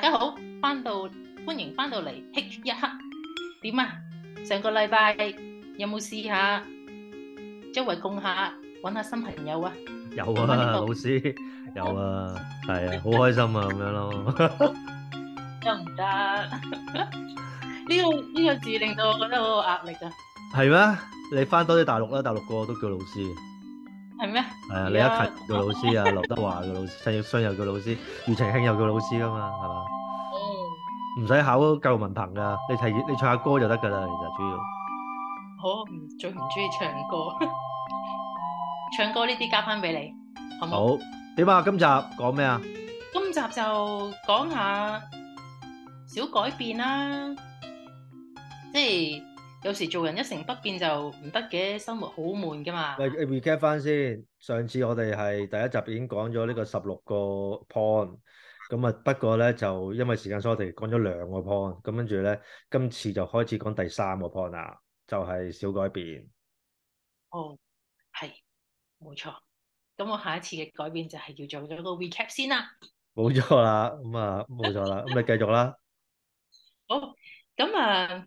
大家好，翻到歡迎翻到嚟，H 一刻點啊？上個禮拜有冇試下周圍共下，搵下新朋友啊？有啊，老師有啊，係啊，好開心啊，咁樣咯。又唔得，呢個呢個字令到我覺得好壓力啊。係咩？你翻多啲大陸啦，大陸個個都叫老師。係咩？係啊，李克勤嘅老師啊，劉德華嘅老師，陳奕迅又叫老師，庾澄慶又叫老師噶嘛，係嘛？哦，唔使考教育文憑噶，你提你唱下歌就得噶啦，其實主要。好，最唔中意唱歌，唱歌呢啲交翻俾你，好唔好？好，點啊？今集講咩啊？今集就講下小改變啦，即係。有時做人一成不變就唔得嘅，生活好悶噶嘛。喂，你 recap 翻先，上次我哋係第一集已經講咗呢個十六個 point，咁啊，不過咧就因為時間所限，我哋講咗兩個 point，咁跟住咧，今次就開始講第三個 point 啦，就係小改變。哦，係，冇錯。咁我下一次嘅改變就係要做咗個 recap 先啦。冇錯啦，咁啊，冇錯啦，咁你繼續啦。好，咁啊。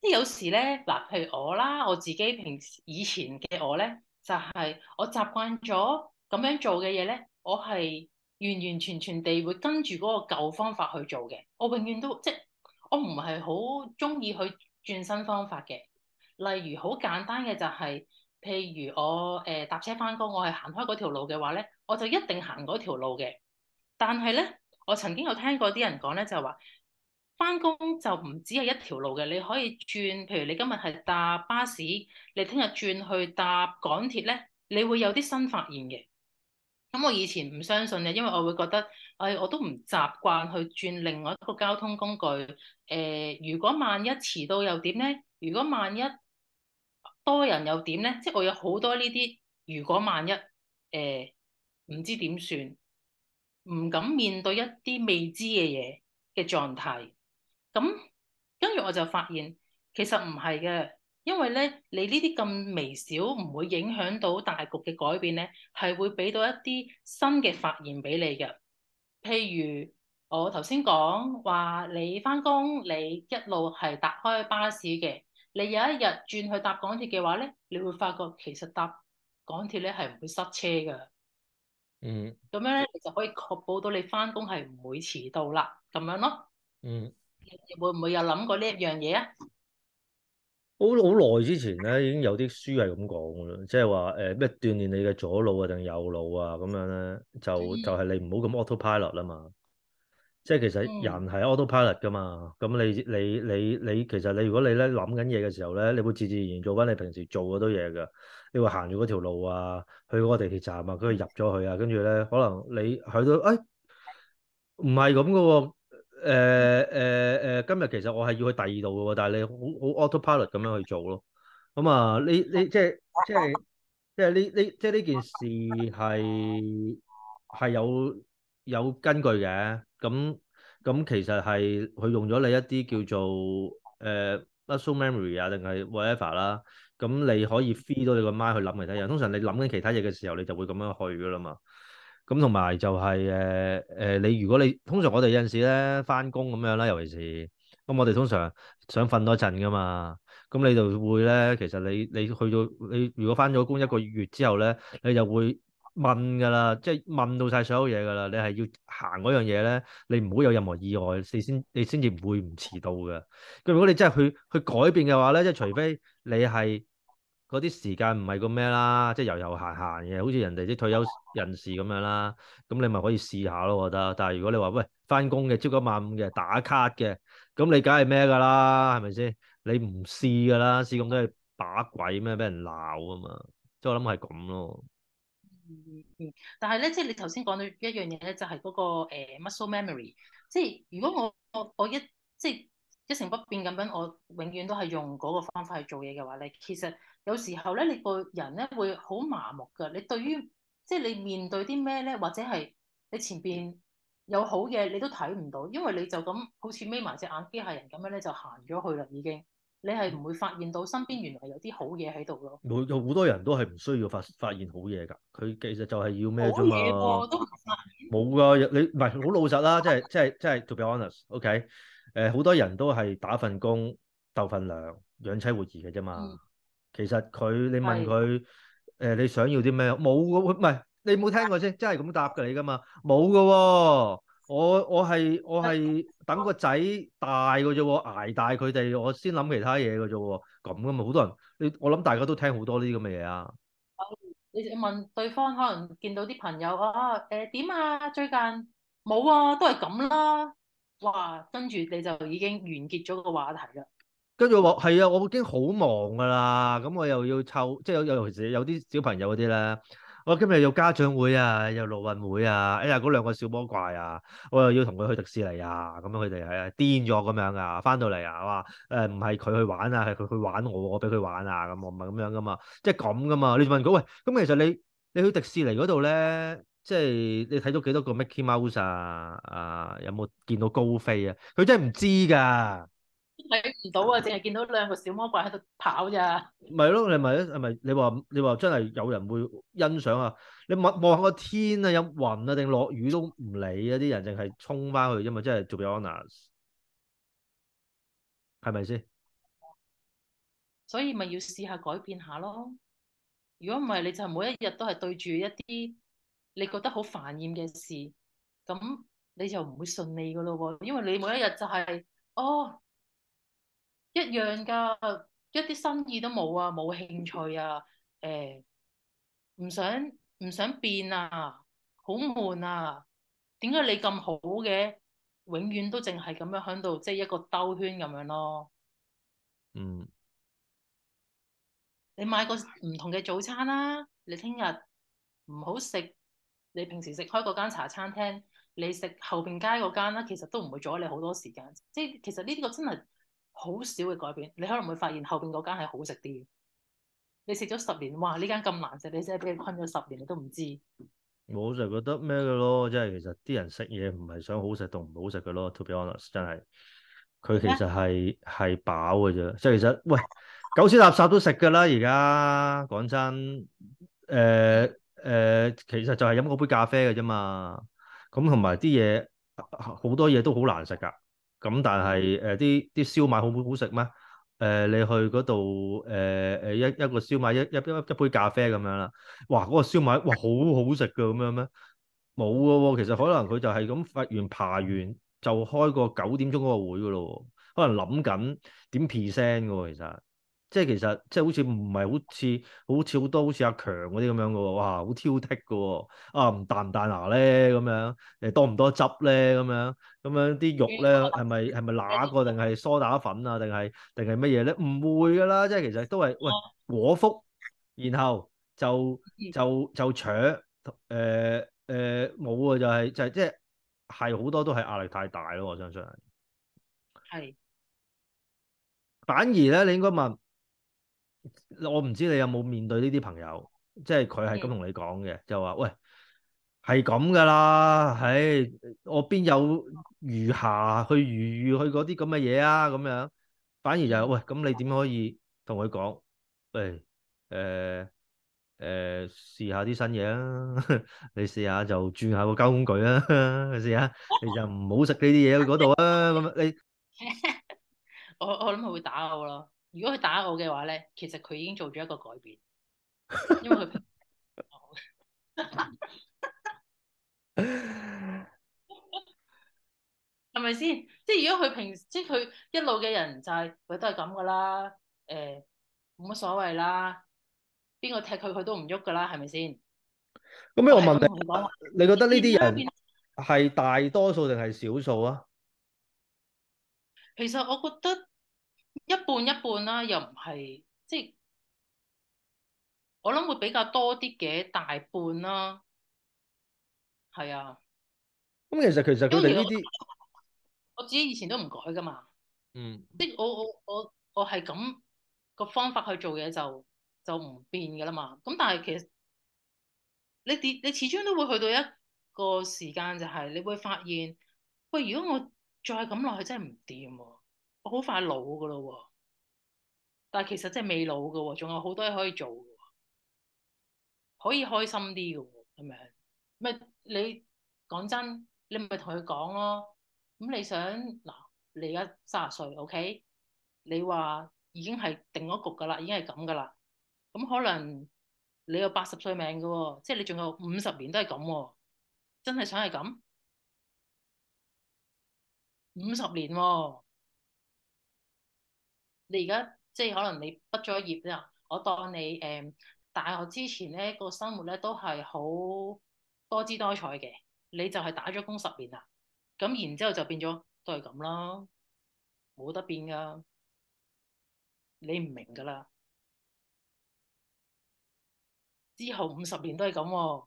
即係有時咧，嗱，譬如我啦，我自己平時以前嘅我咧，就係、是、我習慣咗咁樣做嘅嘢咧，我係完完全全地會跟住嗰個舊方法去做嘅。我永遠都即係我唔係好中意去轉新方法嘅。例如好簡單嘅就係、是，譬如我誒搭、呃、車翻工，我係行開嗰條路嘅話咧，我就一定行嗰條路嘅。但係咧，我曾經有聽過啲人講咧，就話、是。翻工就唔止係一條路嘅，你可以轉，譬如你今日係搭巴士，你聽日轉去搭港鐵咧，你會有啲新發現嘅。咁我以前唔相信嘅，因為我會覺得，哎，我都唔習慣去轉另外一個交通工具。誒、呃，如果萬一遲到又點咧？如果萬一多人又點咧？即係我有好多呢啲，如果萬一誒、呃，唔知點算，唔敢面對一啲未知嘅嘢嘅狀態。咁跟住我就發現其實唔係嘅，因為咧你呢啲咁微小唔會影響到大局嘅改變咧，係會俾到一啲新嘅發現俾你嘅。譬如我頭先講話，你翻工你一路係搭開巴士嘅，你有一日轉去搭港鐵嘅話咧，你會發覺其實搭港鐵咧係唔會塞車㗎。嗯，咁樣咧就可以確保到你翻工係唔會遲到啦。咁樣咯，嗯。會唔會有諗過呢一樣嘢啊？好好耐之前咧，已經有啲書係咁講噶啦，即係話誒咩鍛煉你嘅左腦啊定右腦啊咁樣咧，就是啊、呢就係、嗯、你唔好咁 autopilot 啦嘛。即、就、係、是、其實人係 autopilot 噶嘛，咁、嗯、你你你你，其實你如果你咧諗緊嘢嘅時候咧，你會自自然然做翻你平時做嗰多嘢噶。你會行住嗰條路啊，去嗰個地鐵站啊，佢入咗去啊，跟住咧可能你去到誒唔係咁噶喎。哎誒誒誒，uh, uh, uh, 今日其實我係要去第二度嘅喎，但係你好好 auto pilot 咁樣去做咯。咁、嗯、啊，你你即係即係即係呢呢即係呢件事係係有有根據嘅。咁、嗯、咁、嗯、其實係佢用咗你一啲叫做誒 muscle、呃、memory 啊，定係 whatever 啦、啊。咁、嗯、你可以 feed 到你個 mind 去諗其他嘢。通常你諗緊其他嘢嘅時候，你就會咁樣去噶啦嘛。咁同埋就係誒誒，你如果你通常我哋有陣時咧翻工咁樣啦，尤其是咁我哋通常想瞓多陣噶嘛，咁你就會咧，其實你你去到你如果翻咗工一個月之後咧，你就會問噶啦，即係問到晒所有嘢噶啦，你係要行嗰樣嘢咧，你唔好有任何意外，你先你先至唔會唔遲到嘅。咁如果你真係去去改變嘅話咧，即係除非你係。嗰啲時間唔係個咩啦，即係遊遊閒閒嘅，好似人哋啲退休人士咁樣啦。咁你咪可以試下咯，我覺得。但係如果你話喂翻工嘅朝九晚五嘅打卡嘅，咁你梗係咩噶啦？係咪先？你唔試噶啦，試咁都係把鬼咩？俾人鬧啊嘛。即係我諗係咁咯。嗯，但係咧，即係你頭先講到一樣嘢咧，就係嗰個誒 muscle memory。即係如果我我我一即係一成不變咁樣，我永遠都係用嗰個方法去做嘢嘅話咧，其實。有時候咧，你個人咧會好麻木㗎。你對於即係你面對啲咩咧，或者係你前面有好嘢，你都睇唔到，因為你就咁好似眯埋隻眼機械人咁樣咧，就行咗去啦已經。你係唔會發現到身邊原來有啲好嘢喺度咯。有有好多人都係唔需要發發現好嘢㗎。佢其實就係要咩啫嘛？冇嘅、啊啊，你唔係好老實啦、啊，即係即係即係 to be honest，OK？、Okay? 誒、呃，好多人都係打份工，鬥份糧，養妻活兒嘅啫嘛。嗯。其實佢，你問佢誒的、呃，你想要啲咩？冇，唔係你冇聽過先，真係咁答嘅你噶嘛？冇嘅喎，我我係我係等個仔大嘅啫喎，捱大佢哋，我先諗其他嘢嘅啫喎，咁嘅嘛，好多人，你我諗大家都聽好多呢啲咁嘅嘢啊。你問對方可能見到啲朋友啊誒點、欸、啊最近冇啊都係咁啦，哇跟住你就已經完結咗個話題啦。跟住我話係啊，我已經好忙㗎啦，咁我又要湊，即係有尤其是有啲小朋友嗰啲咧，我今日有家長會啊，有陸運會啊，哎呀嗰兩個小魔怪啊，我又要同佢去迪士尼啊，咁樣佢哋係啊癲咗咁樣啊，翻到嚟啊話，誒唔係佢去玩啊，係佢去玩我，我俾佢玩啊，咁我唔係咁樣㗎嘛，即係咁㗎嘛。你問佢喂，咁其實你你去迪士尼嗰度咧，即係你睇到幾多個 Mickey Mouse 啊？啊有冇見到高飛啊？佢真係唔知㗎。睇唔到啊，淨係見到兩個小魔鬼喺度跑咋。唔係咯，你咪係咪你話你話真係有人會欣賞啊？你望望下個天啊，有雲啊，定落雨都唔理啊，啲人淨係衝翻去因為，真係做 be honest，係咪先？是、是，所以咪要試下改變下咯。如果唔係，你就每一日都係對住一啲你覺得好煩厭嘅事，咁你就唔會順利噶咯喎，因為你每一日就係、是、哦。一樣㗎，一啲新意都冇啊，冇興趣啊，誒、欸、唔想唔想變啊，好悶啊！點解你咁好嘅，永遠都淨係咁樣喺度，即係一個兜圈咁樣咯。嗯，你買個唔同嘅早餐啦、啊，你聽日唔好食你平時食開嗰間茶餐廳，你食後邊街嗰間啦、啊，其實都唔會阻你好多時間。即係其實呢個真係。好少嘅改變，你可能會發現後邊嗰間係好食啲。你食咗十年，哇！呢間咁難食，你真係俾佢困咗十年，你都唔知。我就覺得咩嘅咯，即係其實啲人食嘢唔係想好食同唔好食嘅咯。To be honest，真係佢其實係係麼飽嘅啫。即係其實喂，狗屎垃圾都食㗎啦。而家講真，誒、呃、誒、呃，其實就係飲嗰杯咖啡嘅啫嘛。咁同埋啲嘢好多嘢都好難食㗎。咁但係誒，啲啲燒賣好唔好食咩？誒、呃、你去嗰度誒誒一一個燒賣一一一一杯咖啡咁樣啦，哇，嗰、嗰個燒賣哇好好食嘅咁樣咩？冇嘅喎，其實可能佢就係咁發完爬完就開個九點鐘嗰個會嘅咯、哦，可能諗緊點 percent 嘅喎，其實。即係其實，即係好似唔係好似，好似好多好似阿強嗰啲咁樣噶，哇，好挑剔噶，啊，唔彈唔彈牙咧咁樣，誒，多唔多汁咧咁樣，咁樣啲肉咧係咪係咪乸過定係梳打粉啊，定係定係乜嘢咧？唔會噶啦，即係其實都係喂果腹，然後就就就扯，誒誒冇啊，就係就係即係係好多都係壓力太大咯，我相信係。係是。反而咧，你應該問。我唔知你有冇面對呢啲朋友，即係佢係咁同你講嘅，就話喂係咁噶啦，唉、哎，我邊有余下去余余去嗰啲咁嘅嘢啊，咁樣反而就喂咁你點可以同佢講？喂，誒誒、哎呃呃，試下啲新嘢啊， 你試下就轉下個交通工具啊， 試下你就唔好食呢啲嘢去嗰度啊，咁 你 我我諗佢會打我咯。如果佢打我嘅話咧，其實佢已經做咗一個改變，因為佢係咪先？即係如果佢平時，即係佢一路嘅人就係、是、佢都係咁噶啦。誒，冇乜所謂啦，邊個踢佢佢都唔喐噶啦，係咪先？咁咩？我問你、啊， 你覺得呢啲人係大多數定係少數啊？其實我覺得。一半一半啦，啊，又唔係，即係，我諗會比較多啲嘅大半啦，係啊。咁，啊、其實其實佢哋呢啲，我自己以前都唔改噶嘛。嗯，即係我我我我係咁個方法去做嘢就就唔變噶啦嘛。咁但係其實你你始終都會去到一個時間就係你會發現喂，如果我再咁落去真係唔掂喎。我好快老噶啦，但係其實真係未老噶，仲有好多嘢可以做噶，可以開心啲噶。咁樣咩？你講真，你咪同佢講咯。咁你想嗱，你而家卅歲，OK？你話已經係定咗局噶啦，已經係咁噶啦。咁可能你有八十歲命噶，即係你仲有五十年都係咁。真係想係咁五十年喎、哦？你而家即係可能你畢咗業之後，我當你誒、嗯、大學之前咧、個生活咧都係好多姿多彩嘅。你就係打咗工十年啦，咁然之後就變咗都係咁啦，冇得變噶。你唔明噶啦，之後五十年都係咁喎。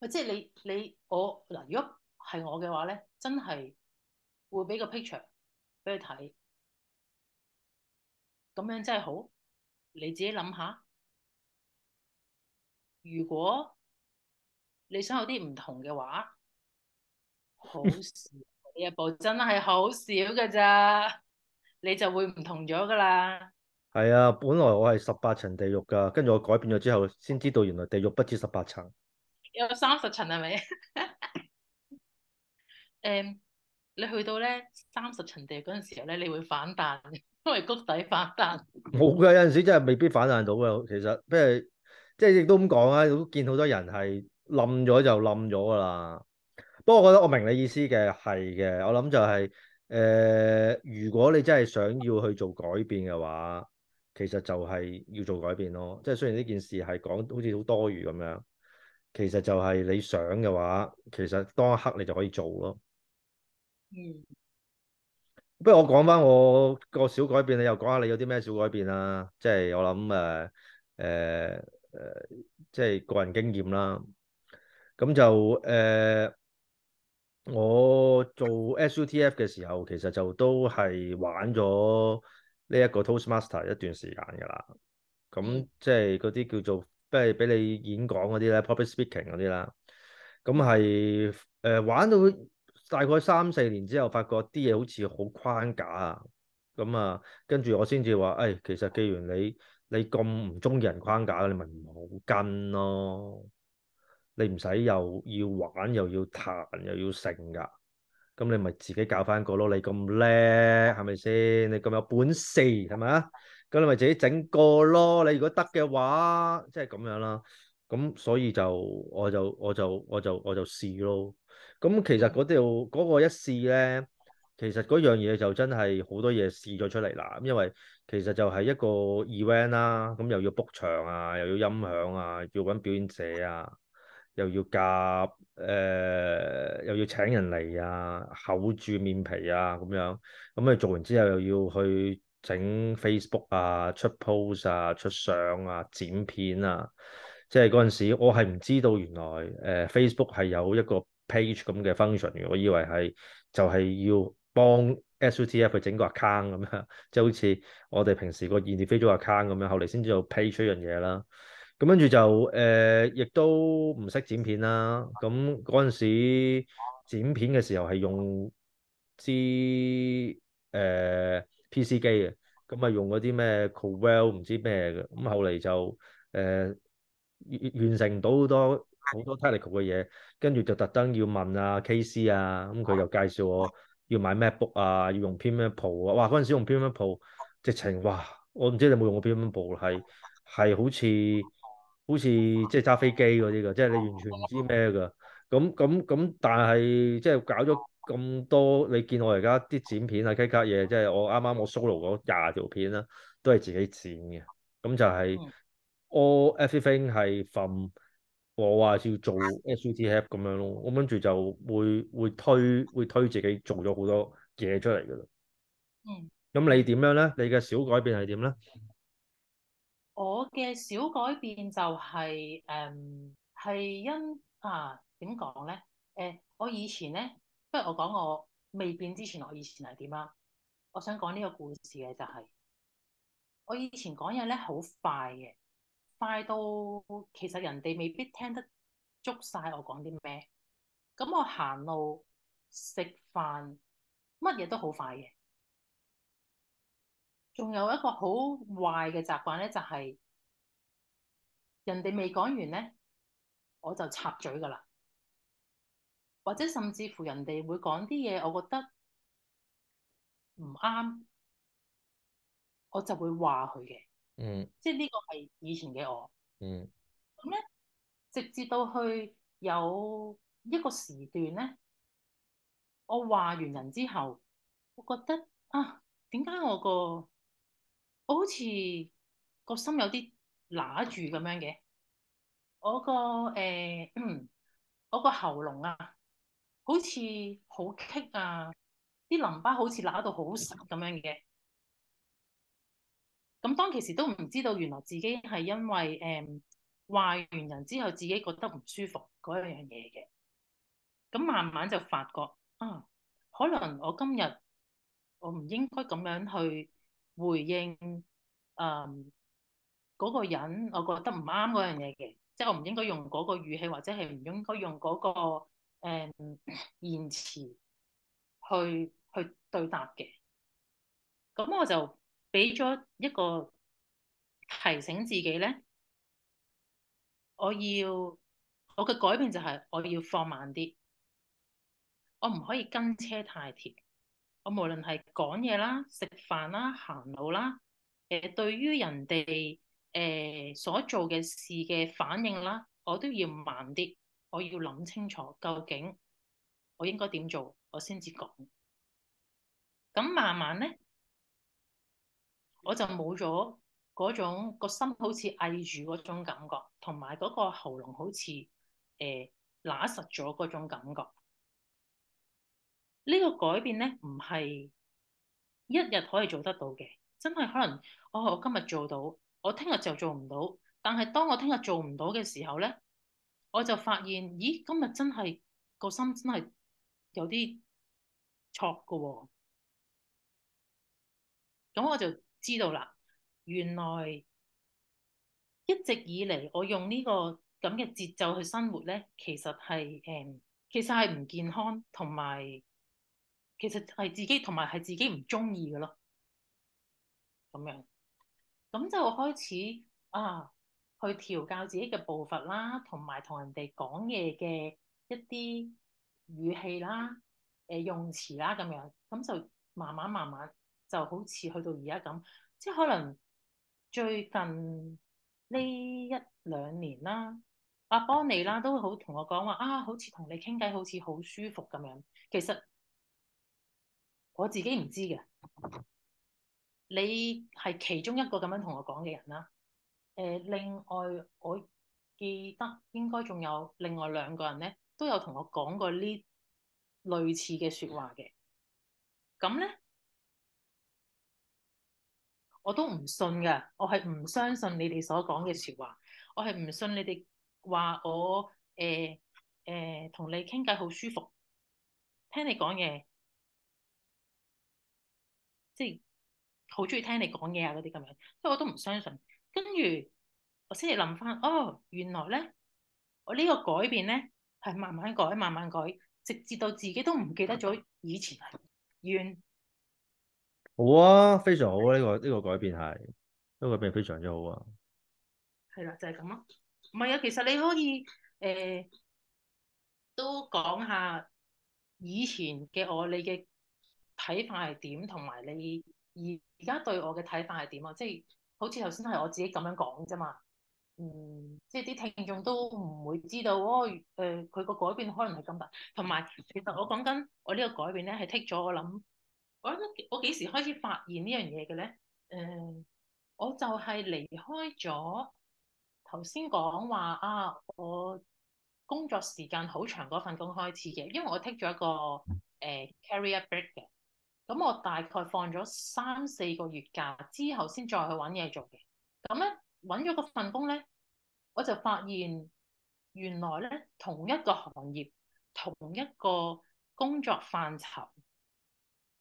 喂，即係你你我嗱、呃，如果係我嘅話咧，真係會俾個 picture 俾你睇。咁樣真係好，你自己諗下。如果你想有啲唔同嘅話，好少一 步，真係好少嘅啫，你就會唔同咗噶啦。係啊，本來我係十八層地獄噶，跟住我改變咗之後，先知道原來地獄不止十八層，有三十層係咪？誒、 嗯，你去到咧三十層地獄嗰陣時候咧，你會反彈。因為谷底反彈，冇㗎，有陣時真係未必反彈到嘅。其實即係即係亦都咁講啊，都見好多人係冧咗就冧咗㗎啦。不過我覺得我明你意思嘅，係嘅。我諗就係、是、誒、呃，如果你真係想要去做改變嘅話，其實就係要做改變咯。即係雖然呢件事係講好似好多餘咁樣，其實就係你想嘅話，其實當一刻你就可以做咯。嗯。不如我講翻我個小改變，你又講下你有啲咩小改變啦、啊？即係我諗誒誒誒，即係個人經驗啦。咁就誒、呃，我做 SUTF 嘅時候，其實就都係玩咗呢一個 Toastmaster 一段時間㗎喇。咁即係嗰啲叫做即係俾你演講嗰啲咧，public speaking 嗰啲啦。咁係誒玩到。大概三四年之後，發覺啲嘢好似好框架啊，咁啊，跟住我先至話，誒，其實既然你你咁唔中意人框架，你咪唔好跟咯，你唔使又要玩又要彈又要成噶，咁你咪自己搞翻個咯。你咁叻係咪先？你咁有本事係咪？咁你咪自己整個咯。你如果得嘅話，即係咁樣啦。咁所以就我就我就我就我就，我就試咯。咁、嗯、其實嗰條嗰、嗰個一試咧，其實嗰樣嘢就真係好多嘢試咗出嚟啦。咁因為其實就係一個 event 啦、啊，咁、嗯、又要 book 場啊，又要音響啊，要搵表演者啊，又要夾誒、呃，又要請人嚟啊，厚住面皮啊咁樣。咁、嗯、啊做完之後又要去整 Facebook 啊，出 post 啊，出相啊，剪片啊。即係嗰陣時，我係唔知道原來誒、呃、Facebook 係有一個 page 咁嘅 function，我以為係就係、是、要幫 SUTF 去整個 account 咁樣，即係好似我哋平時個 individual account 咁樣，後嚟先就 page 出一樣嘢啦。咁跟住就誒，亦、呃、都唔識剪片啦。咁嗰陣時剪片嘅時候係用支誒、呃、PC 機嘅，咁、嗯、啊用嗰啲咩 Corel 唔知咩嘅。咁、嗯、後嚟就誒、呃、完成唔到好多。好多 technical 嘅嘢，跟住就特登要問啊 K.C. 啊，咁佢又介紹我要買 MacBook 啊，要用 Premiere Pro 啊。哇！嗰陣時用 Premiere Pro，直情哇！我唔知你有冇用過 Premiere Pro，係係好似好似即係揸飛機嗰啲㗎，即係你完全唔知咩㗎。咁咁咁，但係即係搞咗咁多，你見我而家啲剪片啊、cut 嘢，Ye，即係我啱啱我 solo 嗰廿條片啦，都係自己剪嘅。咁就係 all everything 係 from。我話要做 SUT app 咁樣咯，咁跟住就會會推會推自己做咗好多嘢出嚟噶啦。嗯。咁你點樣咧？你嘅小改變係點咧？我嘅小改變就係、是、誒，係、呃、因啊點講咧？誒、呃，我以前咧，不如我講我未變之前，我以前係點啊？我想講呢個故事嘅就係、是，我以前講嘢咧，好快嘅。快到，其實人哋未必聽得足晒我講啲咩。咁我行路、食飯，乜嘢都好快嘅。仲有一個好壞嘅習慣咧，就係人哋未講完咧，我就插嘴噶啦。或者甚至乎人哋會講啲嘢，我覺得唔啱，我就會話佢嘅。嗯，即係呢個係以前嘅我。嗯，咁咧，直至到去有一個時段咧，我話完人之後，我覺得啊，點解我個我好似個心有啲乸住咁樣嘅，我個誒，個、欸、我喉嚨啊，好似好棘啊，啲淋巴好似乸到好實咁樣嘅。咁當其時都唔知道，原來自己係因為誒話、um, 完人之後，自己覺得唔舒服嗰樣嘢嘅。咁慢慢就發覺啊，可能我今日我唔應該咁樣去回應誒嗰、um, 個人，我覺得唔啱嗰樣嘢嘅，即、就、係、是、我唔應該用嗰個語氣，或者係唔應該用嗰、那個、um, 言辭去去對答嘅。咁我就。俾咗一個提醒自己咧，我要我嘅改變就係我要放慢啲，我唔可以跟車太貼。我無論係講嘢啦、食飯啦、行路啦，誒、呃，對於人哋誒、呃、所做嘅事嘅反應啦，我都要慢啲。我要諗清楚究竟我應該點做，我先至講。咁慢慢咧。我就冇咗嗰種個心好似翳住嗰種感覺，同埋嗰個喉嚨好似誒揦實咗嗰種感覺。呢個改變咧唔係一日可以做得到嘅，真係可能我、哦、我今日做到，我聽日就做唔到。但係當我聽日做唔到嘅時候咧，我就發現咦，今日真係個心真係有啲挫㗎喎。咁、嗯、我就～知道啦，原來一直以嚟我用呢個咁嘅節奏去生活咧，其實係誒，其實係唔健康，同埋其實係自己同埋係自己唔中意嘅咯。咁樣，咁就開始啊，去調教自己嘅步伐啦，同埋同人哋講嘢嘅一啲語氣啦，誒用詞啦，咁樣，咁就慢慢慢慢。就好似去到而家咁，即係可能最近呢一兩年啦，阿邦尼啦都好同我講話啊，好似同你傾偈好似好舒服咁樣。其實我自己唔知嘅，你係其中一個咁樣同我講嘅人啦。誒、呃，另外我記得應該仲有另外兩個人咧，都有同我講過呢類似嘅説話嘅。咁咧。我都唔信噶，我係唔相信你哋所講嘅説話，我係唔信你哋話我誒誒同你傾偈好舒服，聽你講嘢，即係好中意聽你講嘢啊嗰啲咁樣，即係我都唔相信。跟住我先至諗翻，哦，原來咧我呢個改變咧係慢慢改、慢慢改，直至到自己都唔記得咗以前係怨。好啊，非常好啊！呢、這個呢、這個改變係呢、這個改變非常之好啊。係啦，就係咁咯。唔係啊，其實你可以誒、呃、都講下以前嘅我，你嘅睇法係點，同埋你而而家對我嘅睇法係點啊？即係好似頭先係我自己咁樣講啫嘛。嗯，即係啲聽眾都唔會知道哦。誒、呃，佢個改變可能係咁大，同埋其實我講緊我呢個改變咧係剔咗我諗。我諗，我幾時開始發現呢樣嘢嘅咧？誒、嗯，我就係離開咗頭先講話啊，我工作時間好長嗰份工開始嘅，因為我 take 咗一個誒、呃、career break 嘅，咁我大概放咗三四個月假之後，先再去揾嘢做嘅。咁咧揾咗嗰份工咧，我就發現原來咧同一個行業、同一個工作範疇，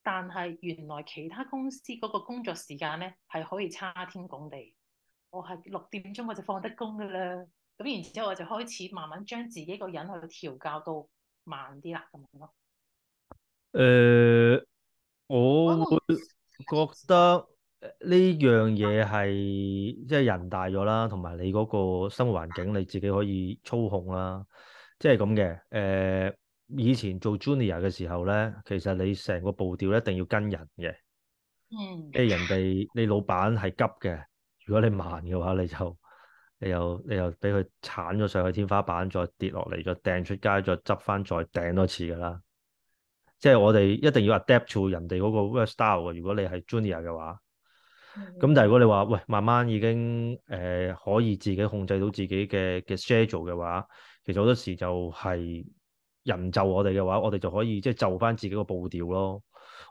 但係原來其他公司嗰個工作時間咧係可以差天共地，我係六點鐘我就放得工噶啦。咁然之後我就開始慢慢將自己個人去調教到慢啲啦咁樣咯。誒、呃，我覺得呢樣嘢係即係人大咗啦，同埋你嗰個生活環境你自己可以操控啦，即係咁嘅誒。呃以前做 junior 嘅時候咧，其實你成個步調一定要跟人嘅，即係、mm. 人哋你老闆係急嘅，如果你慢嘅話，你就你又你又俾佢鏟咗上去天花板，再跌落嚟，再掟出街，再執返，再掟多次㗎喇。即係我哋一定要 adapt to 人哋嗰個 work style 嘅。如果你係 junior 嘅話，咁、mm. 但係如果你話喂慢慢已經誒、呃、可以自己控制到自己嘅嘅 schedule 嘅話，其實好多時就係、是。人就我哋嘅話，我哋就可以即係就返自己個步調咯。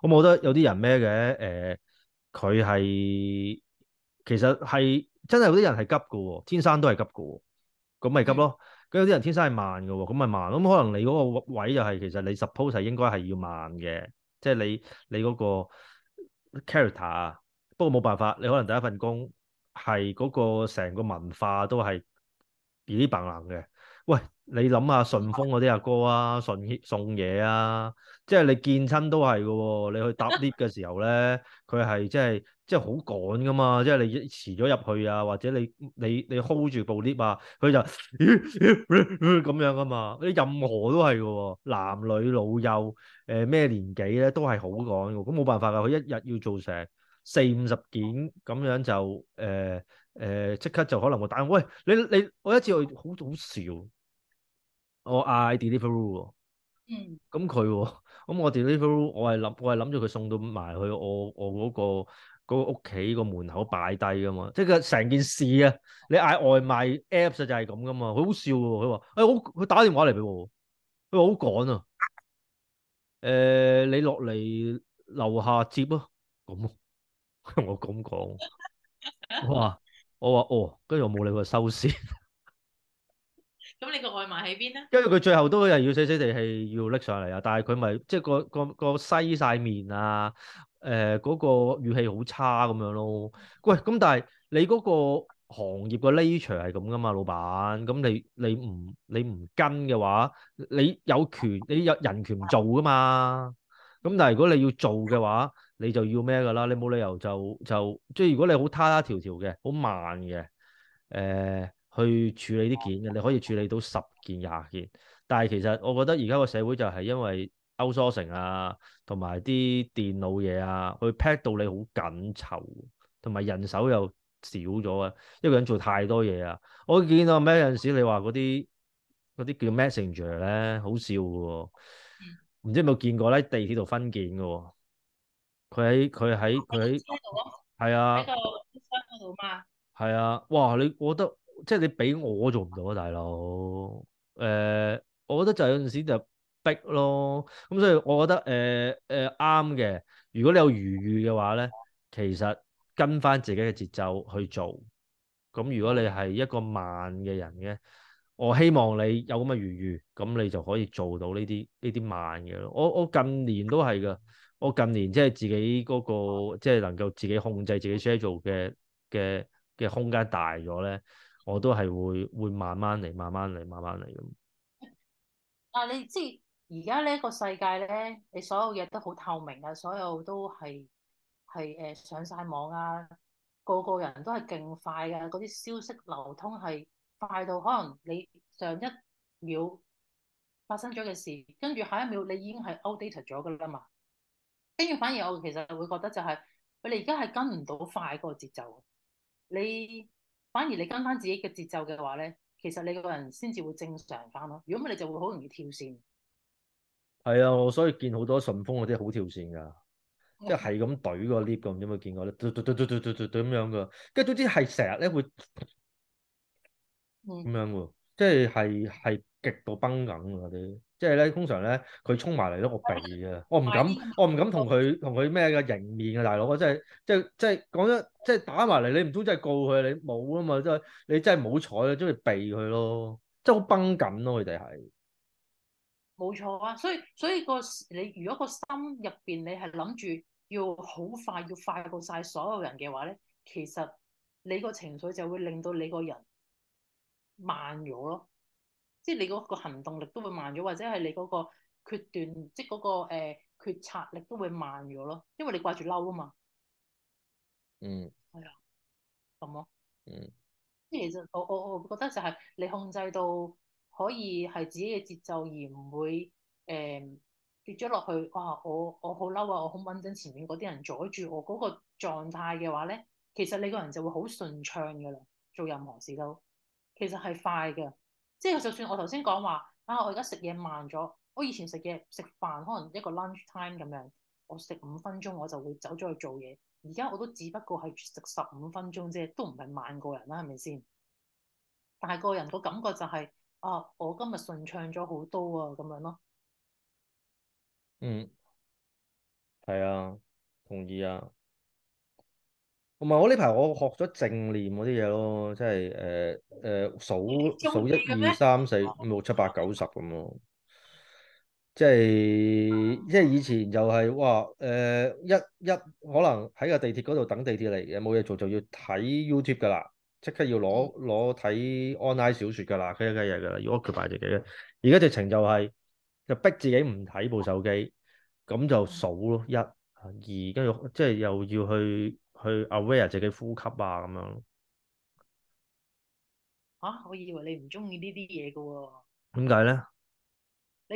咁我覺得有啲人咩嘅？誒、呃，佢係其實係真係有啲人係急㗎喎、哦，天生都係急㗎喎、哦，咁咪急咯。咁、嗯、有啲人天生係慢㗎喎，咁咪慢。咁、嗯、可能你嗰個位就係、是、其實你 suppose 係應該係要慢嘅，即係你你嗰個 character。不過冇辦法，你可能第一份工係嗰個成個文化都係幾冰冷嘅。喂！你諗下順豐嗰啲阿哥啊，順送嘢啊，即係你見親都係噶、啊，你去搭 lift 嘅時候咧，佢係即係即係好趕噶嘛，即係你遲咗入去啊，或者你你你 hold 住部 lift 啊，佢就咁樣噶嘛，啲任何都係噶、啊，男女老幼，誒、呃、咩年紀咧都係好趕噶，咁冇辦法噶，佢一日要做成四五十件咁樣就誒誒即刻就可能會打緊。喂你你，你我一次去好好笑。我嗌 Deliveroo 喎，嗯，咁佢咁我 Deliveroo，我係諗我係諗住佢送到埋去我我嗰、嗰個、嗰個屋企個門口擺低噶嘛，即係佢成件事啊。你嗌外賣 apps 就係咁噶嘛，佢好笑喎、哦。佢話誒，我佢打電話嚟俾我，佢話好趕啊。誒、呃，你落嚟樓下接咯、啊，咁、啊、我咁講，哇，我話哦，跟住我冇理佢收線。咁你個外賣喺邊咧？跟住佢最後都係要死死地氣要拎上嚟啊！但係佢咪即係個個個西晒面啊？誒、呃、嗰、嗰個語氣好差咁樣咯。喂、哎，咁但係你嗰個行業個 nature 係咁噶嘛，老闆。咁你你唔你唔跟嘅話，你有權你有人權做噶嘛？咁但係如果你要做嘅話，你就要咩㗎啦？你冇理由就就即係如果你好他他條條嘅，好慢嘅誒。呃去處理啲件嘅，你可以處理到十件廿件，但係其實我覺得而家個社會就係因為 outsourcing 啊，同埋啲電腦嘢啊，去 pack 到你好緊湊，同埋人手又少咗啊，一個人做太多嘢啊，我見到咩嗰陣時你，你話嗰啲嗰啲叫 Messenger 咧，好笑嘅喎、哦，唔、嗯、知有冇見過咧？地鐵度分件嘅喎、哦，佢喺佢喺佢喺，係啊，係啊，哇！你覺得？即係你俾我做唔到啊，大佬。誒、呃，我覺得就有陣時就逼咯。咁、嗯、所以我覺得誒誒啱嘅。如果你有餘裕嘅話咧，其實跟翻自己嘅節奏去做。咁、嗯、如果你係一個慢嘅人嘅，我希望你有咁嘅餘裕，咁、嗯、你就可以做到呢啲呢啲慢嘅咯。我我近年都係噶，我近年即係自己嗰、那個即係、就是、能夠自己控制自己 schedule 嘅嘅嘅空間大咗咧。我都係會會慢慢嚟，慢慢嚟，慢慢嚟咁。但係、啊、你知而家呢個世界咧，你所有嘢都好透明噶，所有都係係誒上晒網啊，個個人都係勁快噶，嗰啲消息流通係快到可能你上一秒發生咗嘅事，跟住下一秒你已經係 outdated 咗噶啦嘛。跟住反而我其實會覺得就係、是，你而家係跟唔到快嗰個節奏，你。反而你跟翻自己嘅節奏嘅話咧，其實你個人先至會正常翻咯。如果唔係你就會好容易跳線。係啊，我所以見好多順豐嗰啲好跳線㗎，即係係咁懟個 lift 咁，有冇見過咧？嘟嘟嘟嘟嘟嘟嘟咁樣嘅，跟住總之係成日咧會咁樣㗎。即係係係極度繃緊啲，即係咧，通常咧佢衝埋嚟都我避啊，的我唔敢，的我唔敢同佢同佢咩嘅迎面啊，大佬，啊，真係即係即係講咗，即係打埋嚟你唔通真係告佢，你冇啊嘛，即係你真係冇彩啊，中意避佢咯，真係好繃緊咯，佢哋係冇錯啊，所以所以個你如果個心入邊你係諗住要好快要快過晒所有人嘅話咧，其實你個情緒就會令到你個人。慢咗咯，即係你嗰個行動力都會慢咗，或者係你嗰個決斷，即係、那、嗰個誒、呃、決策力都會慢咗咯，因為你掛住嬲啊嘛。嗯。係啊、哎，咁咯。嗯。即係其實我我我覺得就係你控制到可以係自己嘅節奏而，而唔會誒跌咗落去。哇！我我好嬲啊！我好唔穩陣，前面嗰啲人阻住我嗰、那個狀態嘅話咧，其實你個人就會好順暢噶啦，做任何事都。其實係快嘅，即係就算我頭先講話啊，我而家食嘢慢咗，我以前食嘢食飯可能一個 lunch time 咁樣，我食五分鐘我就會走咗去做嘢，而家我都只不過係食十五分鐘啫，都唔係慢過人啦，係咪先？但係個人個感覺就係啊，我今日順暢咗好多啊，咁樣咯。嗯，係啊，同意啊。唔係我呢排我學咗正念嗰啲嘢咯，即係誒誒數數一二三四五、六、七八九十咁咯。即係即係以前就係、是、哇誒、呃、一一可能喺個地鐵嗰度等地鐵嚟嘅，冇嘢做就要睇 YouTube 㗎啦，即刻要攞攞睇 online 小説㗎啦，嗰一咁嘢㗎啦，要 occupy 自己嘅。而家直情就係、是、就逼自己唔睇部手機，咁就數咯，一啊二，跟住即係又要去。去 aware 自己呼吸啊咁樣。嚇、啊，我以為你唔中意呢啲嘢嘅喎。點解咧？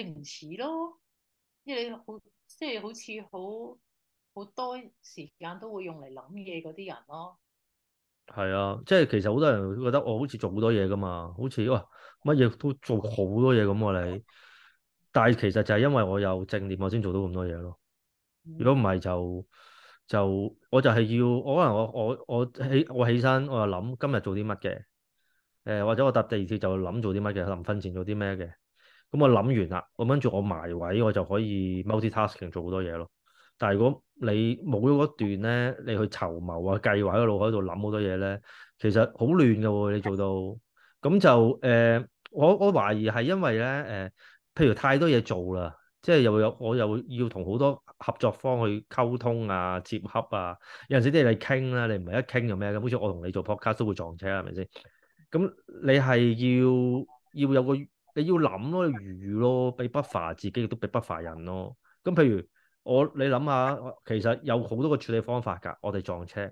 你唔似咯，因為你好，即係好似好好多時間都會用嚟諗嘢嗰啲人咯。係啊，即係其實好多人都覺得，我、哦、好似做好多嘢噶嘛，好似哇乜嘢都做好多嘢咁啊你。嗯、但係其實就係因為我有正念，我先做到咁多嘢咯。如果唔係就～就我就係要，可能我我我起我起身我又諗今日做啲乜嘅，誒、呃、或者我搭地鐵就諗做啲乜嘅，臨瞓前做啲咩嘅，咁、嗯、我諗完啦，咁跟住我埋位我就可以 multi-tasking 做好多嘢咯。但係如果你冇咗嗰段咧，你去籌謀啊計劃喺個腦喺度諗好多嘢咧，其實好亂嘅喎，你做到咁、啊、就誒、呃，我我懷疑係因為咧誒、呃，譬如太多嘢做啦。即係又會有我又會要同好多合作方去溝通啊、接洽啊，有陣時啲嘢傾啦，你唔係一傾就咩咁，好似我同你做 podcast 都會撞車，係咪先？咁你係要要有個你要諗咯、預咯，俾不煩自己亦都俾不煩人咯。咁譬如我你諗下，其實有好多個處理方法㗎。我哋撞車，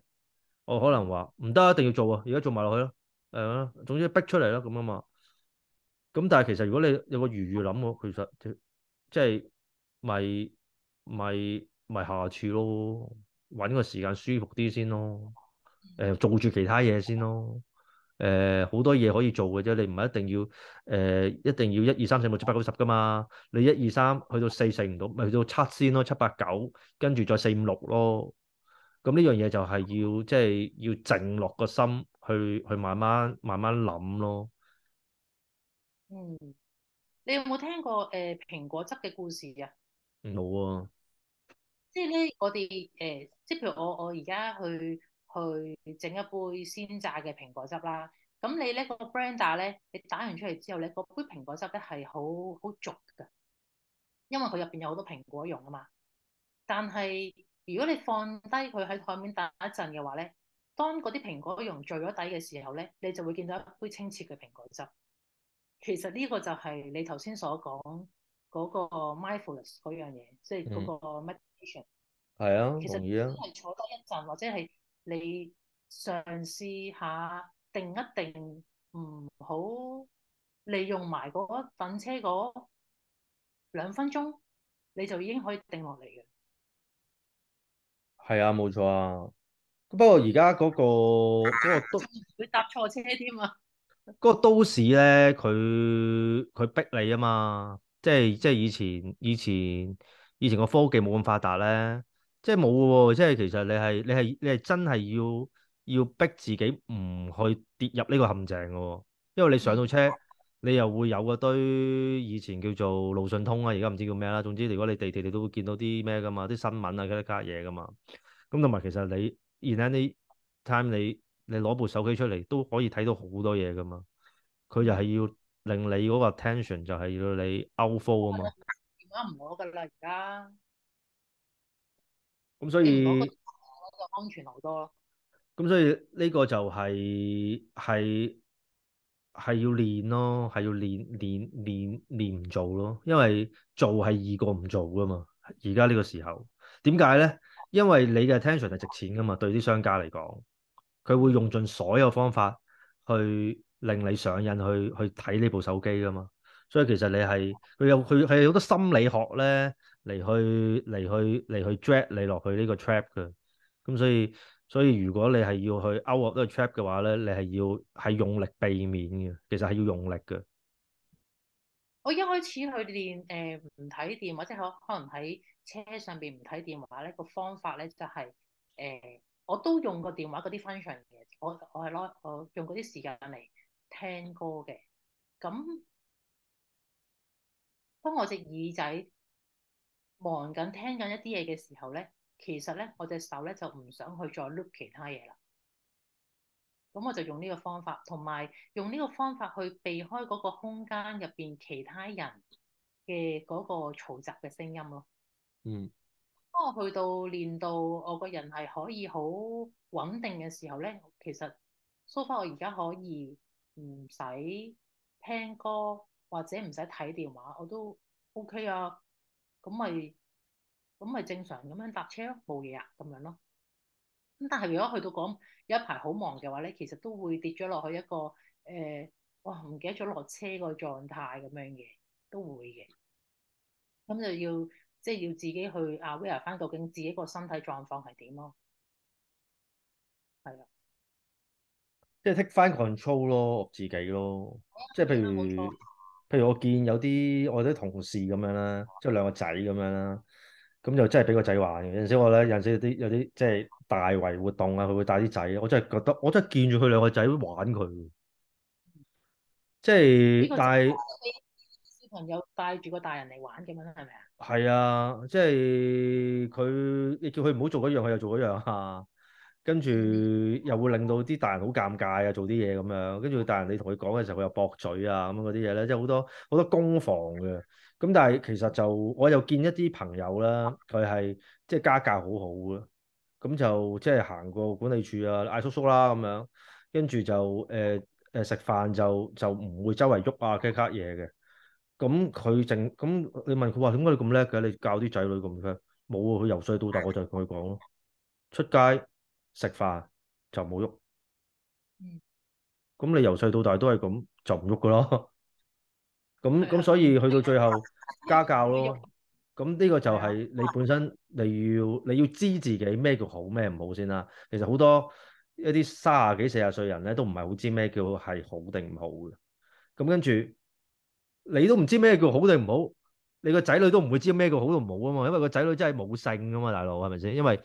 我可能話唔得，一定要做啊，而家做埋落去咯，誒、呃，總之逼出嚟咯咁啊嘛。咁但係其實如果你有個預預諗，我其實。即係咪咪咪下次咯，揾個時間舒服啲先咯，誒、呃、做住其他嘢先咯，誒、呃、好多嘢可以做嘅啫，你唔係一定要誒、呃、一定要一二三四五六七八九十噶嘛，你一二三去到四四唔到，咪去到七先咯，七八九跟住再四五六咯，咁呢樣嘢就係要即係要靜落個心去去慢慢慢慢諗咯。嗯。你有冇聽過誒蘋果汁嘅故事啊？冇啊、呃，即係咧，我哋誒，即係譬如我我而家去去整一杯鮮榨嘅蘋果汁啦。咁你呢個 blender 咧，你打完出嚟之後咧，嗰杯蘋果汁咧係好好濁噶，因為佢入邊有好多蘋果蓉啊嘛。但係如果你放低佢喺台面打一陣嘅話咧，當嗰啲蘋果蓉聚咗底嘅時候咧，你就會見到一杯清澈嘅蘋果汁。其實呢個就係你頭先所講嗰個 mindfulness 嗰樣嘢，嗯、即係嗰個 meditation。係啊，其實 容易啊。其實坐多一陣，或者係你嘗試下定一定，唔好利用埋嗰等車嗰兩分鐘，你就已經可以定落嚟嘅。係啊，冇錯啊。不過而家嗰個嗰 個都會搭錯車添啊。嗰個都市咧，佢佢逼你啊嘛，即係即係以前以前以前個科技冇咁發達咧，即係冇喎，即係其實你係你係你係真係要要逼自己唔去跌入呢個陷阱嘅，因為你上到車，你又會有嗰堆以前叫做路訊通啊，而家唔知叫咩啦，總之如果你地地你都會見到啲咩嘅嘛，啲新聞啊，嗰啲家嘢嘅嘛，咁同埋其實你，anytime 你。你攞部手機出嚟都可以睇到好多嘢噶嘛，佢就係要令你嗰個 attention 就係要你 o 勾科啊嘛。電話唔攞噶啦，而家。咁所以。安全好多咯。咁所以呢個就係係係要練咯，係要練練練練唔做咯，因為做係易過唔做噶嘛。而家呢個時候點解咧？因為你嘅 attention 係值錢噶嘛，對啲商家嚟講。佢會用盡所有方法去令你上癮，去去睇呢部手機㗎嘛。所以其實你係佢有佢係好多心理學咧，嚟去嚟去嚟去 drag 你落去呢個 trap 嘅。咁所以所以如果你係要去 out 呢個 trap 嘅話咧，你係要係用力避免嘅。其實係要用力嘅。我一開始去練誒唔睇電話，即係可能喺車上邊唔睇電話咧，個方法咧就係誒。我都用個電話嗰啲 function 嘅，我我係攞我用嗰啲時間嚟聽歌嘅，咁當我隻耳仔忙緊聽緊一啲嘢嘅時候咧，其實咧我隻手咧就唔想去再 look 其他嘢啦。咁我就用呢個方法，同埋用呢個方法去避開嗰個空間入邊其他人嘅嗰個嘈雜嘅聲音咯。嗯。去到練到我個人係可以好穩定嘅時候咧，其實 so far 我而家可以唔使聽歌或者唔使睇電話，我都 OK 啊。咁咪咁咪正常咁樣搭車咯，冇嘢啊咁樣咯。咁但係如果去到講有一排好忙嘅話咧，其實都會跌咗落去一個誒、呃，哇唔記得咗落車個狀態咁樣嘅，都會嘅。咁就要。即係要自己去啊，wear 翻究竟自己個身體狀況係點咯？係啊，即係 take 翻 control 咯，我自己咯。嗯、即係譬如錯譬如我見有啲我啲同事咁樣啦，即係兩個仔咁樣啦，咁就真係俾個仔玩嘅。有陣時我咧，有陣時有啲有啲即係大圍活動啊，佢會帶啲仔，我真係覺得我真係見住佢兩個仔玩佢，即係但係是。小朋友帶住個大人嚟玩咁樣，係咪啊？係啊，即係佢，你叫佢唔好做嗰樣，佢又做嗰樣啊。跟住又會令到啲大人好尷尬啊，做啲嘢咁樣。跟住大人，你同佢講嘅時候，佢又駁嘴啊，咁啊嗰啲嘢咧，即係好多好多攻防嘅。咁但係其實就我又見一啲朋友啦，佢係即係家教好好嘅，咁就即係行過管理處啊，嗌叔叔啦咁樣，跟住就誒誒、呃、食飯就就唔會周圍喐啊，嘅嘅嘢嘅。咁佢淨咁你問佢話，點解你咁叻嘅？你教啲仔女咁嘅冇啊。佢由細到大我就同佢講咯，出街食飯就冇喐。嗯，咁你由細到大都係咁就唔喐噶咯。咁咁所以去到最後家教咯。咁呢個就係你本身你要你要知自己咩叫好咩唔好先啦。其實好多一啲三十幾四十歲人咧都唔係好知咩叫係好定唔好嘅。咁跟住。你都唔知咩叫好定唔好，你個仔女都唔會知咩叫好定唔好啊嘛，因為個仔女真係冇性噶嘛，大佬係咪先？因為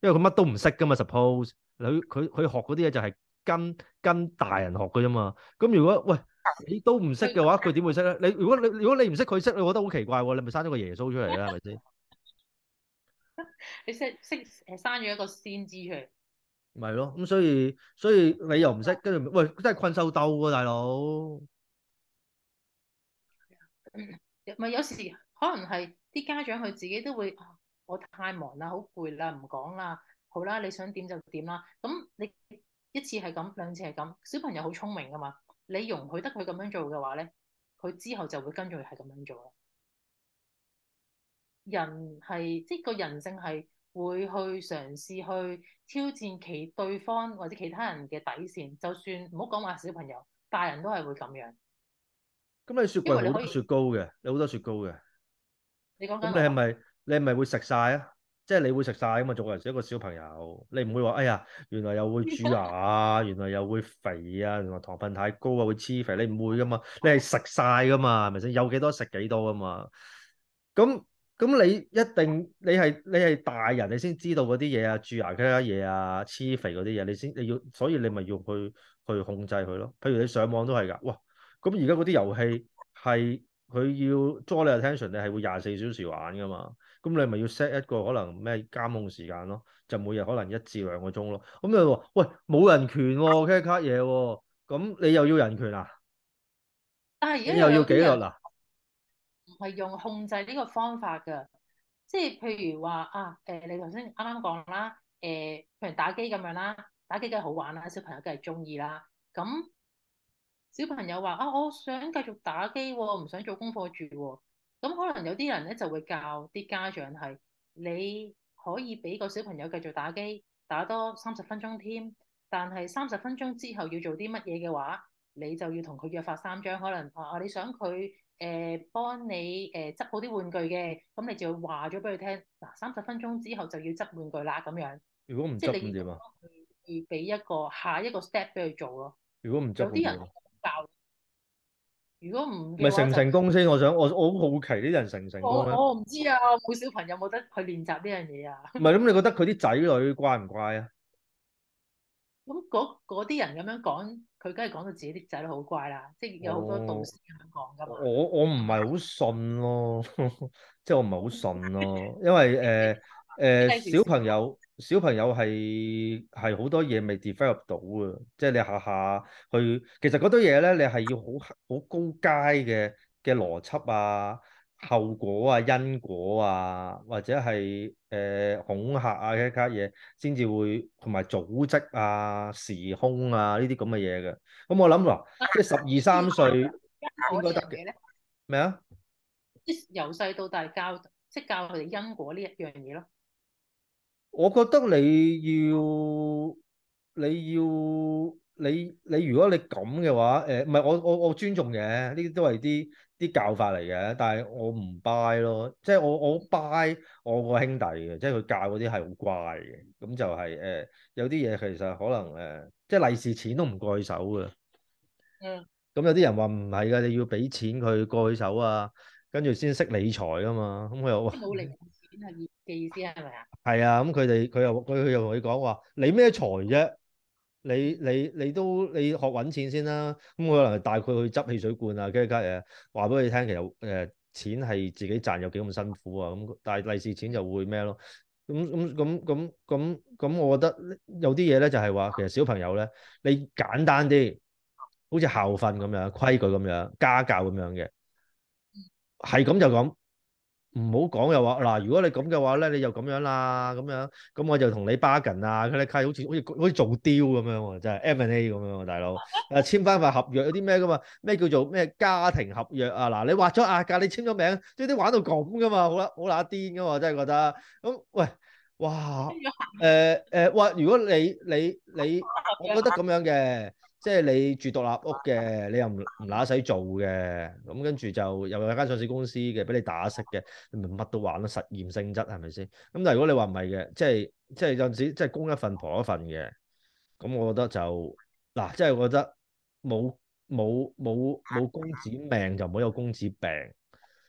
因為佢乜都唔識噶嘛，suppose 佢佢佢學嗰啲嘢就係跟跟大人學嘅啫嘛。咁如果喂你都唔識嘅話，佢點會識咧？你如果你如果你唔識佢識，你覺得好奇怪喎、啊。你咪生咗個耶穌出嚟啦，係咪先？ 你識識生咗一個先知出嚟，咪咯？ 咁所以所以你又唔識，跟住喂真係困獸鬥喎、啊，大佬。唔係、嗯、有時可能係啲家長佢自己都會，啊、我太忙啦，好攰啦，唔講啦，好啦，你想點就點啦。咁你一次係咁，兩次係咁，小朋友好聰明噶嘛，你容許得佢咁樣做嘅話咧，佢之後就會跟住係咁樣做啦。人係即個人性係會去嘗試去挑戰其對方或者其他人嘅底線，就算唔好講話小朋友，大人都係會咁樣。咁你雪櫃好多雪糕嘅，你好多雪糕嘅。你講緊，你係咪你係咪會食晒啊？即係你會食晒噶嘛？作為一個小朋友，你唔會話，哎呀，原來又會蛀牙啊，原來又會肥啊，原來糖分太高啊，會黐肥。你唔會噶嘛？你係食晒噶嘛？係咪先？有幾多食幾多噶嘛、啊？咁咁你一定你係你係大人、啊啊，你先知道嗰啲嘢啊，蛀牙嗰啲嘢啊，黐肥嗰啲嘢，你先你要，所以你咪要去去控制佢咯。譬如你上網都係噶，哇！咁而家嗰啲遊戲係佢要 join 你 attention 你係會廿四小時玩噶嘛？咁你咪要 set 一個可能咩監控時間咯，就每日可能一至兩個鐘咯。咁你話喂冇人權喎，cut 嘢喎，咁你又要人權啊？而家又要紀律啦？唔係用控制呢個方法㗎，即係譬如話啊，誒、呃、你頭先啱啱講啦，誒、呃、譬如打機咁樣啦，打機梗係好玩啦，小朋友梗係中意啦，咁。小朋友話啊，我想繼續打機喎，唔想做功課住喎。咁、嗯、可能有啲人咧就會教啲家長係你可以俾個小朋友繼續打機打多三十分鐘添，但係三十分鐘之後要做啲乜嘢嘅話，你就要同佢約法三章。可能啊，你想佢誒、呃、幫你誒、呃、執好啲玩具嘅，咁、嗯、你就要話咗俾佢聽嗱，三、啊、十分鐘之後就要執玩具啦。咁樣如果唔即係你點啊？要俾一個下一個 step 俾佢做咯。如果唔執，有啲人。教，如果唔係是成唔成功先，我想我我好好奇呢啲人成唔成功我。我唔知啊，冇小朋友冇得去練習呢樣嘢啊。唔係咁，你覺得佢啲仔女乖唔乖啊？咁嗰啲人咁樣講，佢梗係講到自己啲仔女好乖啦，即係有好多道理咁樣講噶。我、啊、 我唔係好信咯，即係我唔係好信咯，因為誒。呃 誒、呃、小朋友，小朋友係係好多嘢未 develop 到啊！即係你下下去，其實嗰堆嘢咧，你係要好好高階嘅嘅邏輯啊、後果啊、因果啊，或者係誒、呃、恐嚇啊一啲嘢，先至會同埋組織啊、時空啊呢啲咁嘅嘢嘅。咁我諗啦，即係十二三歲應該得嘅咧，咩啊？ 即係由細到大教，即係教佢哋因果呢一樣嘢咯。我覺得你要你要你你如果你咁嘅話，誒唔係我我我尊重嘅，呢啲都係啲啲教法嚟嘅，但係我唔 buy 咯，即係我我 buy 我個兄弟嘅，即係佢教嗰啲係好乖嘅，咁就係、是、誒、呃、有啲嘢其實可能誒、呃，即係利是錢都唔過去手嘅、嗯嗯啊，嗯，咁有啲人話唔係㗎，你要俾錢佢過去手啊，跟住先識理財㗎嘛，咁佢又話。嘅意思係咪啊？係啊，咁佢哋佢又佢佢又同你講話，你咩財啫？你你你都你學搵錢先啦。咁我可能帶佢去執汽水罐啊，跟住，話俾佢聽。其實誒，錢係自己賺有幾咁辛苦啊。咁但係利是錢就會咩咯？咁咁咁咁咁咁，我覺得有啲嘢咧，就係話其實小朋友咧，你簡單啲，好似校訓咁樣、規矩咁樣、家教咁樣嘅，係咁、嗯、就咁。唔好講又話嗱、啊，如果你咁嘅話咧，你又咁樣啦，咁樣，咁、啊、我就同你 bargain 啊，佢哋契好似好似好似做雕咁樣喎、啊，真係 F&A 咁樣喎、啊，大佬，誒、啊、簽翻份合約有啲咩噶嘛？咩叫做咩家庭合約啊？嗱、啊，你畫咗押㗎，你簽咗名，即係啲玩到咁㗎嘛，好啦，好乸癲㗎嘛，真係覺得，咁、啊、喂，哇，誒、呃、誒，哇、呃呃呃呃，如果你你你，我覺得咁樣嘅。即係你住獨立屋嘅，你又唔唔乸使做嘅，咁跟住就又有間上市公司嘅，俾你打識嘅，你咪乜都玩咯，實驗性質係咪先？咁、嗯、但係如果你話唔係嘅，即係即係有陣時即係公一份婆一份嘅，咁、嗯、我覺得就嗱、啊，即係我覺得冇冇冇冇公子命就冇有公子病，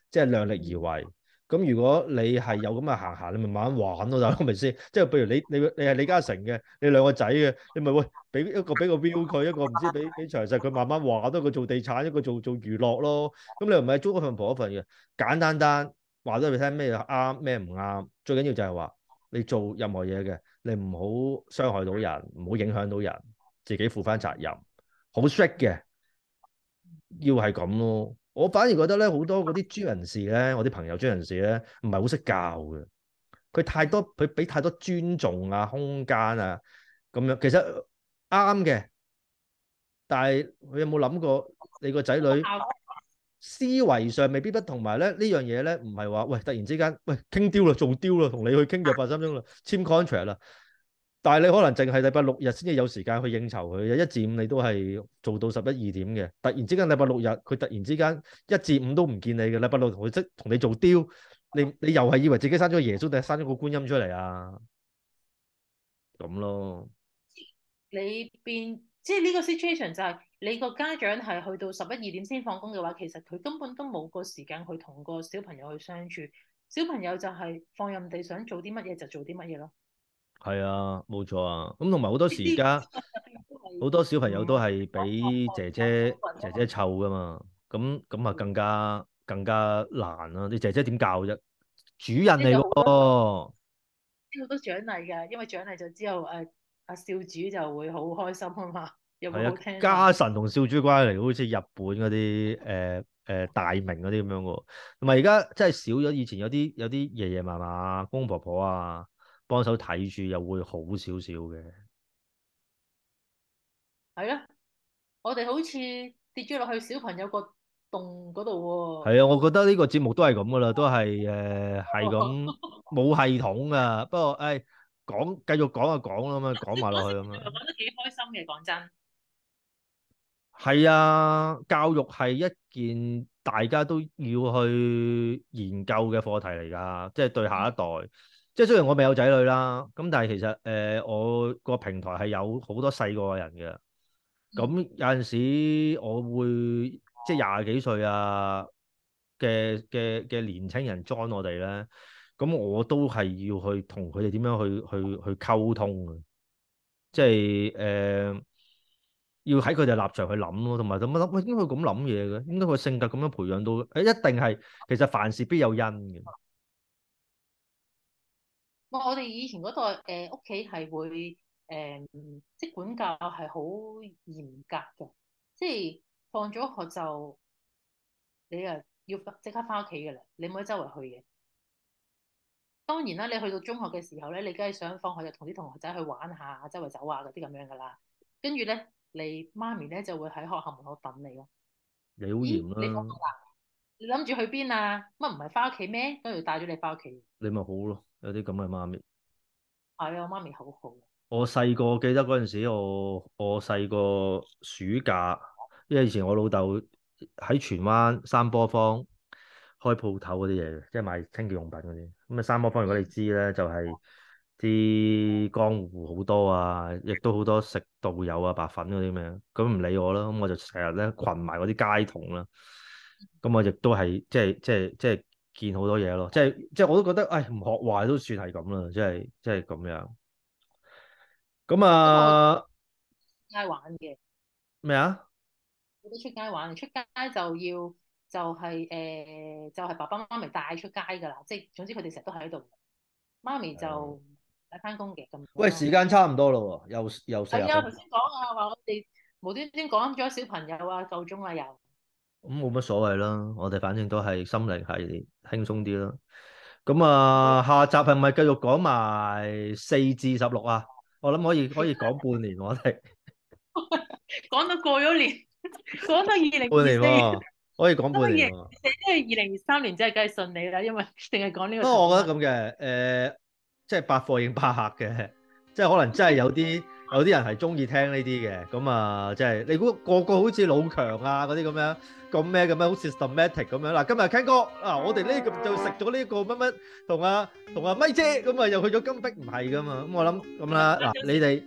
即係量力而為。咁如果你係有咁嘅行行，你咪慢慢玩咯就係咪先？即係譬如你你你係李嘉誠嘅，你，你，你兩個仔嘅，你咪喂俾一個俾個 View 佢，一個唔知俾俾財實佢，慢慢話得佢做地產，一個做做娛樂咯。咁你又唔係租一份，婆一份嘅，簡單單話俾佢聽咩啱咩唔啱，最緊要就係話你做任何嘢嘅，你唔好傷害到人，唔好影響到人，自己負翻責任，好 shit 嘅，要係咁咯。我反而覺得咧，好多嗰啲專人士咧，我啲朋友專人士咧，唔係好識教嘅。佢太多，佢俾太多尊重啊、空間啊，咁樣其實啱嘅，嗯。但係佢有冇諗過你個仔女思維上未必不同，埋咧呢樣嘢咧，唔係話喂突然之間喂傾丟啦，做丟啦，同你去傾咗八十分鐘啦，簽 contract 啦。但係你可能淨係禮拜六日先至有時間去應酬佢，一至五你都係做到十一二點嘅。突然之間禮拜六日，佢突然之間一至五都唔見你嘅禮拜六同佢即係同你做雕，你你又係以為自己生咗個耶穌定係生咗個觀音出嚟啊？咁咯，你變即係呢個 situation 就係、是、你個家長係去到十一二點先放工嘅話，其實佢根本都冇個時間去同個小朋友去相處，小朋友就係放任地想做啲乜嘢就做啲乜嘢咯。係啊，冇錯啊。咁同埋好多時而家好多小朋友都係俾姐姐、嗯嗯嗯嗯、姐姐湊噶嘛。咁咁啊，更加更加難啦、啊。啲姐姐點教啫？主人嚟噶喎，好多獎勵噶，因為獎勵就之後誒阿少主就會好開心啊嘛。有冇好聽、啊。家臣同少主關係嚟好似日本嗰啲誒誒大名嗰啲咁樣噶、啊。同埋而家真係少咗以前有啲有啲爺爺嫲嫲公婆婆啊。幫手睇住又會好少少嘅，係啊，我哋好似跌咗落去小朋友個洞嗰度喎。係啊，我覺得呢個節目都係咁噶啦，都係誒係咁冇系統㗎。不過誒講繼續講就講啦，咁樣講埋落去咁樣。講得幾開心嘅，講真。係啊，教育係一件大家都要去研究嘅課題嚟㗎，即係對下一代。即係雖然我未有仔女啦，咁但係其實誒、呃，我個平台係有好多細個嘅人嘅。咁、嗯、有陣時我會即係廿幾歲啊嘅嘅嘅年青人 join 我哋咧，咁、嗯、我都係要去同佢哋點樣去去去溝通嘅。即係誒、呃，要喺佢哋立場去諗咯，同埋諗一諗喂，點解佢咁諗嘢嘅？點解佢性格咁樣培養到？誒，一定係其實凡事必有因嘅。我哋以前嗰代誒，屋企係會誒、呃、即管教係好嚴格嘅，即係放咗學就你啊要即刻翻屋企噶啦，你唔可以周圍去嘅。當然啦，你去到中學嘅時候咧，你梗係想放學就同啲同學仔去玩下，周圍走下嗰啲咁樣噶啦。跟住咧，你媽咪咧就會喺學校門口等你咯。你好嚴啦，你講話，你諗住去邊啊？乜唔係翻屋企咩？跟住帶咗你翻屋企，你咪好咯。有啲咁嘅媽咪，係啊、哎，媽咪好好。我細個記得嗰陣時我，我我細個暑假，因為以前我老豆喺荃灣三波坊開鋪頭嗰啲嘢，即係賣清潔用品嗰啲。咁啊，三波坊如果你知咧，就係、是、啲江湖好多啊，亦都好多食道友啊、白粉嗰啲咩，咁唔理我啦。咁我就成日咧群埋嗰啲街童啦、啊。咁我亦都係即係即係即係。見好多嘢，咯，即係即係我都覺得，哎，唔學壞都算係咁啦，即係即係咁樣。咁啊，出街玩嘅咩啊？我都出街玩，出街就要就係誒，就係爸爸媽媽咪帶出街噶啦，即係總之佢哋成日都喺度。媽咪就帶翻工嘅咁。喂，時間差唔多啦，又又係啊，頭先講啊，話我哋無端端講咗小朋友啊，夠鐘啦又。咁冇乜所謂啦，我哋反正都係心靈係輕鬆啲啦。咁啊，下集係咪繼續講埋四至十六啊？我諗可以可以講半年，我哋講到過咗年，講到二零二四年，可以講半年, 了了年。即係二零二三年真係梗係順利啦，因為定係講呢個。不過 我覺得咁嘅，誒、呃，即係百貨應百客嘅，即係可能真係有啲。有啲人係中意聽呢啲嘅，咁啊，即係你估個個好似老強啊嗰啲咁樣，咁咩咁樣好 systematic 咁樣。嗱，今日 Ken 哥，嗱，我哋呢就食咗呢一個乜乜，同阿同阿咪姐咁啊，又去咗金碧唔係㗎嘛。咁我諗咁啦，嗱，你哋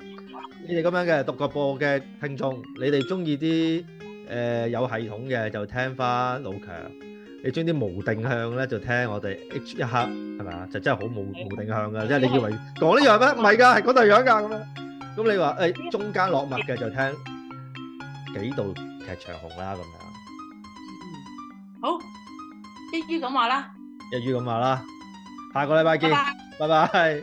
你哋咁樣嘅獨角播嘅聽眾，你哋中意啲誒有系統嘅就聽返老強，你中意啲無定向咧就聽我哋 H 一刻，係咪啊？就真係好無無定向㗎，即係你以為講呢樣咩？唔係㗎，係講第二樣㗎咁樣。咁你話誒中間落墨嘅就聽幾度劇長紅啦咁樣，好，一於咁話啦，一於咁話啦，下個禮拜見，拜拜。